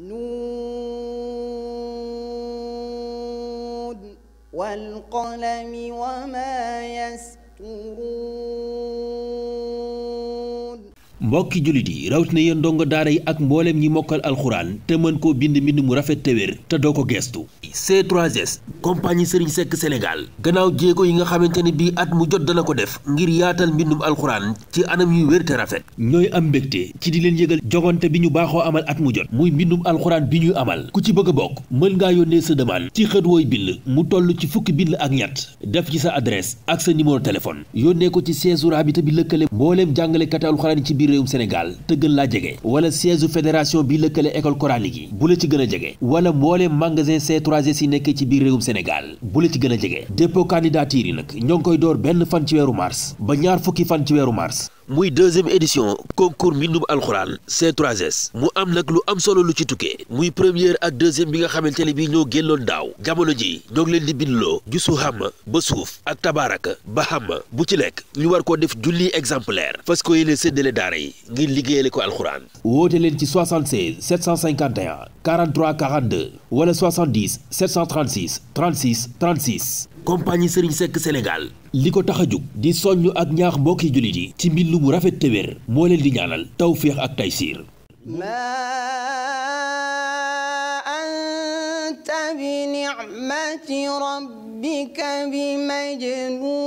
نون والقلم وما يسترون mbokki jullit yi rawatina yéen ndongo daara yi ak mbooleem ñi mokkal alxuraan te mën koo bind mbind mu rafet te wér te doo ko geestu C3S compagnie Serigne Seck Sénégal gannaaw jéego yi nga xamante ne bii at mu jot dana ko def ngir yaatal mbindum alxuraan ci anam yu wér te rafet ñooy am mbégte ci di leen yëgal jogante bi ñu baaxoo amal at mu jot muy mbindum alxuraan bi ñuy amal ku ci bëgg a bokk mën ngaa yónnee sa demande ci xët wooy bind mu toll ci fukki bind ak ñett def ci sa adresse ak sa numéro téléphone yónnee ko ci 16 rabita bi lëkkale mbooleem jàngalekati alxuraan ci biir biir réewum Sénégal te gën laa jege wala siège fédération bi lëkkalee école coranique yi bu la ci gën a jege wala mboolee magasin c 3 si yi nekkee ci biir réewum Sénégal bu la ci gën a jege dépôt candidature yi nag ñoo ngi koy door benn fan ci weeru mars ba ñaar fukki fan ci weeru mars muy deuxième édition concours mbindum alxuraan c 3 mu am nag lu am solo lu ci tukkee muy première ak deuxième bi nga xamante ne bii ñoo génnoon daaw jamono ji ñoo leen di bindloo jusu xam ba suuf ak tabaaraka ba xam bu ci lekk ñu war koo def junniy exemplaire fas ko yéene séddale daara yi ngir liggéeyale ko alxuraan. woote leen ci 76 751 43 42 wala 70 736 36 36. compagnie Serigne Seck Sénégal li ko tax a jóg di soññ ak ñaax mbokki jullit yi ci mbind mu rafet te wér moo leen di ñaanal tawféex ak taysiir maa anta bi ni'mati rabbika bi majnuun